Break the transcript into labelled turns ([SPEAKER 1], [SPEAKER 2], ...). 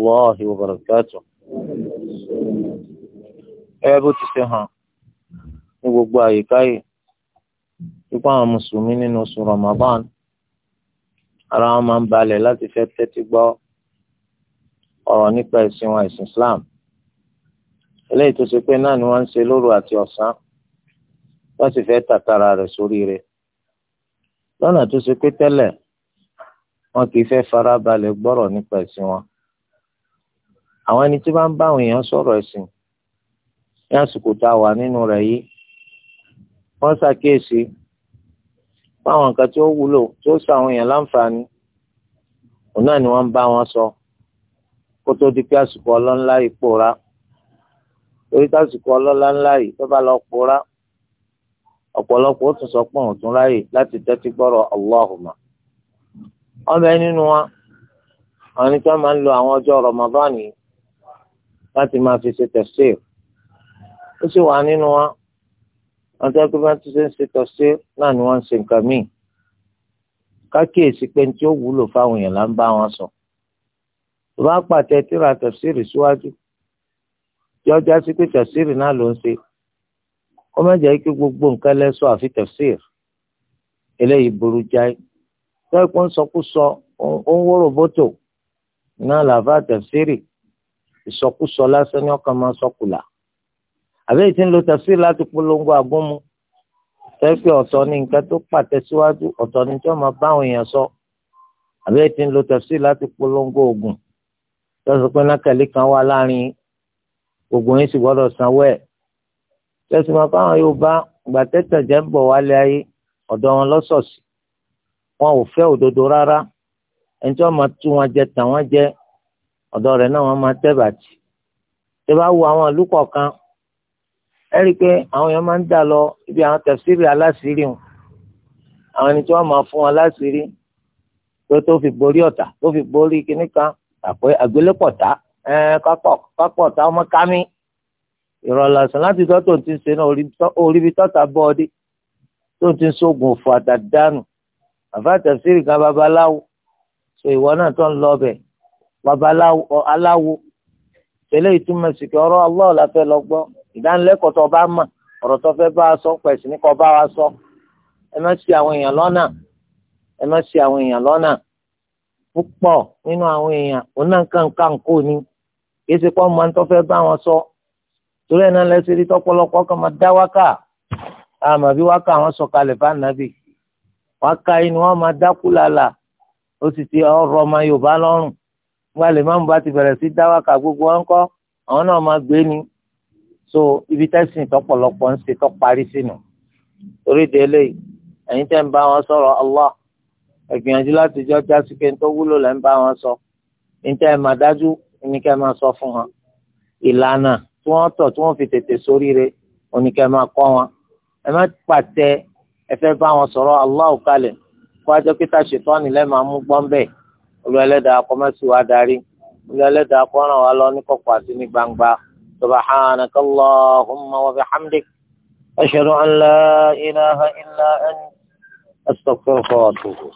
[SPEAKER 1] الله وبركاته ẹ bó ti ṣe hàn ní gbogbo àyíká yìí wípé àwọn mùsùlùmí nínú oṣù Ramadan ara wọn máa ń balẹ̀ láti fẹ́ tẹ́tí gbọ́ ọ̀rọ̀ nípa ẹ̀sìn wọn ẹ̀sìn Islam eléyìí tó ṣe pé náà ni wọ́n ń ṣe lóru àti ọ̀sán wọ́n sì fẹ́ tàtàrà rẹ̀ sórí rẹ̀ lọ́nà tó ṣe pé tẹ́lẹ̀ wọn kì í fẹ́ farabalẹ̀ gbọ́rọ̀ nípa ẹ̀sìn wọn àwọn ẹni tí bá ń bá àwọn èèyàn sọ̀rọ̀ ẹ̀sìn ní àsìkò tá a wà nínú rẹ̀ yìí wọ́n ṣàkíyèsí fáwọn nǹkan tí ó wúlò tí ó sọ àwọn èèyàn láǹfààní òun náà ni wọ́n ń bá wọn sọ kó tó di pé àsìkò ọlọ́nlá yìí pòórá torí tásìkò ọlọ́lá ńlá yìí tó bá lọ pòórá ọ̀pọ̀lọpọ̀ ó tún sọ pé òun tún ráyè láti tẹ́tí gbọ́rọ̀ Allahumma ọmọ ẹ nínú wa àwọn ẹni tí wọ́n máa ń lo àwọn ọjọ́ Ramadan yìí láti máa fi ṣe tẹ̀síìr ó sì wà nínú wa wọn tẹ́ pé bá ti ṣe ń ṣe tẹ̀síìr náà ni wọ́n ń ṣe nǹkan míì kákíyèsí pé ní tí ó wúlò fáwọn èèyàn là ń bá wọn sọ tó bá pàtẹ tíra tẹ̀síìr síwájú tí ọjà sí pé tẹ̀síìr náà ló ń ṣe ó má jẹ́ kí gbogbo nǹkan lẹ́sọ àfi tẹ̀síìr eléyìí burú jáì tó sọkúsọ ó ń wóró bótò náà làbá tẹ̀síìrì ìsọkúsọ lásán ní ọkàn máa sọkùlà àbẹ́yìí tí ń lo tafsir láti polongo àgbọ́mu tẹ́sí ọ̀tọ̀ ní nǹkan tó pàtẹ síwájú ọ̀tọ̀ ní tí wọ́n máa báwọn èèyàn sọ àbẹ́yìí tí ń lo tafsir láti polongo oògùn tẹ́sí pé nákàlí kan wà láàrin oògùn yìí sì gbọ́dọ̀ sanwó ẹ̀ tẹ́sí máa báwọn yóò bá gbàtẹ́tẹ̀jẹ́ ń bọ̀ wálé ayé ọ̀dọ̀ wọn lọ́sọ̀ọ̀sì wọn ò fẹ́ òdodo rárá ẹni tí wọ́n máa tú wọn jẹ tàwọn jẹ́ ọ̀dọ̀ rẹ̀ náà wọ́n máa tẹ́bà tì tẹ́ bá wo àwọn ìlú kọ̀ọ̀kan ẹ rí i pé àwọn èèyàn máa ń dà lọ ibi àwọn tẹ̀síìrì aláṣìírí wọn àwọn ẹni tí wọ́n máa fún wọn aláṣìírí pé tó fi borí ọ̀tá tó fi borí kinní kan àpẹ àgbélépọ̀tá kápọ̀tá ọmọ kámi ìrọ̀lásán láti tọ́ tó ti ń ṣe náà orí bí tọ́ta bọ́ọ̀dé tó ti ń sógun òfò àtàdánù àfáà tẹ̀síìrì kan babaláwo so ìwọ náà tó ń lọ bẹ́ẹ̀ babaláwo aláwo tẹ́lẹ̀ ìtumọ̀ sí kí ọ̀rọ̀ la fẹ́ lọ gbọ́ ìdánilẹ́kọ̀ọ́ tó bá mọ̀ ọ̀rọ̀ tó fẹ́ bá a sọ pẹ̀sì ní kó bá wa sọ ẹ má ṣì àwọn èèyàn lọ́nà ẹ má ṣì àwọn èèyàn lọ́nà púpọ̀ nínú àwọn èèyàn onáǹkàǹkàǹ kò ní kí ṣe pọ́ máa ń tó fẹ́ bá wọn sọ torí ẹ̀ náà lẹ́sẹ̀ rí tọ́pọ̀lọpọ̀ kan máa dá wákà àmọ́ bí wákà wọn sọ kalẹ̀ bá nàbì wákà yìí ni wọ́n máa dákú làlà ó sì ti ọ̀rọ̀ ọmọ Yorùbá lọ́rùn nígbà lè má mú bá ti bẹ̀rẹ̀ sí dáwàkà gbogbo wọn kọ́ àwọn náà máa gbé ni so ibi tẹ́sìn tọ́pọ̀lọpọ̀ ń ṣe tọ́ parí sínú torí délé ẹ̀yin tẹ́ ń bá wọn sọ̀rọ̀ Allah ẹ̀gbìyànjú láti jọ jásí pé tó wúlò lẹ́ ń bá wọn sọ ní tẹ́ ẹ máa dájú ní kẹ́ máa sọ fún wọn ìlànà tí wọ́n tọ̀ tí wọ́n fi tètè sóríire òní kẹ́ máa kọ́ wọn ẹ má pàtẹ ẹ fẹ́ bá wọn sọ̀rọ̀ Allah kalẹ̀ kó ajọ́ pé tá a ṣètọ́ máa mú gbọ́n bẹ́ẹ̀ olùwàlẹ́dà akọ́mọ́sí wa darí olùwàlẹ́dà akọ́ràn wa lọ ní kọ̀kọ̀ àti ní gbangba subhanaka allahumma wa bihamdik
[SPEAKER 2] ashhadu an la
[SPEAKER 1] ilaha illa anta astaghfiruka wa atubu.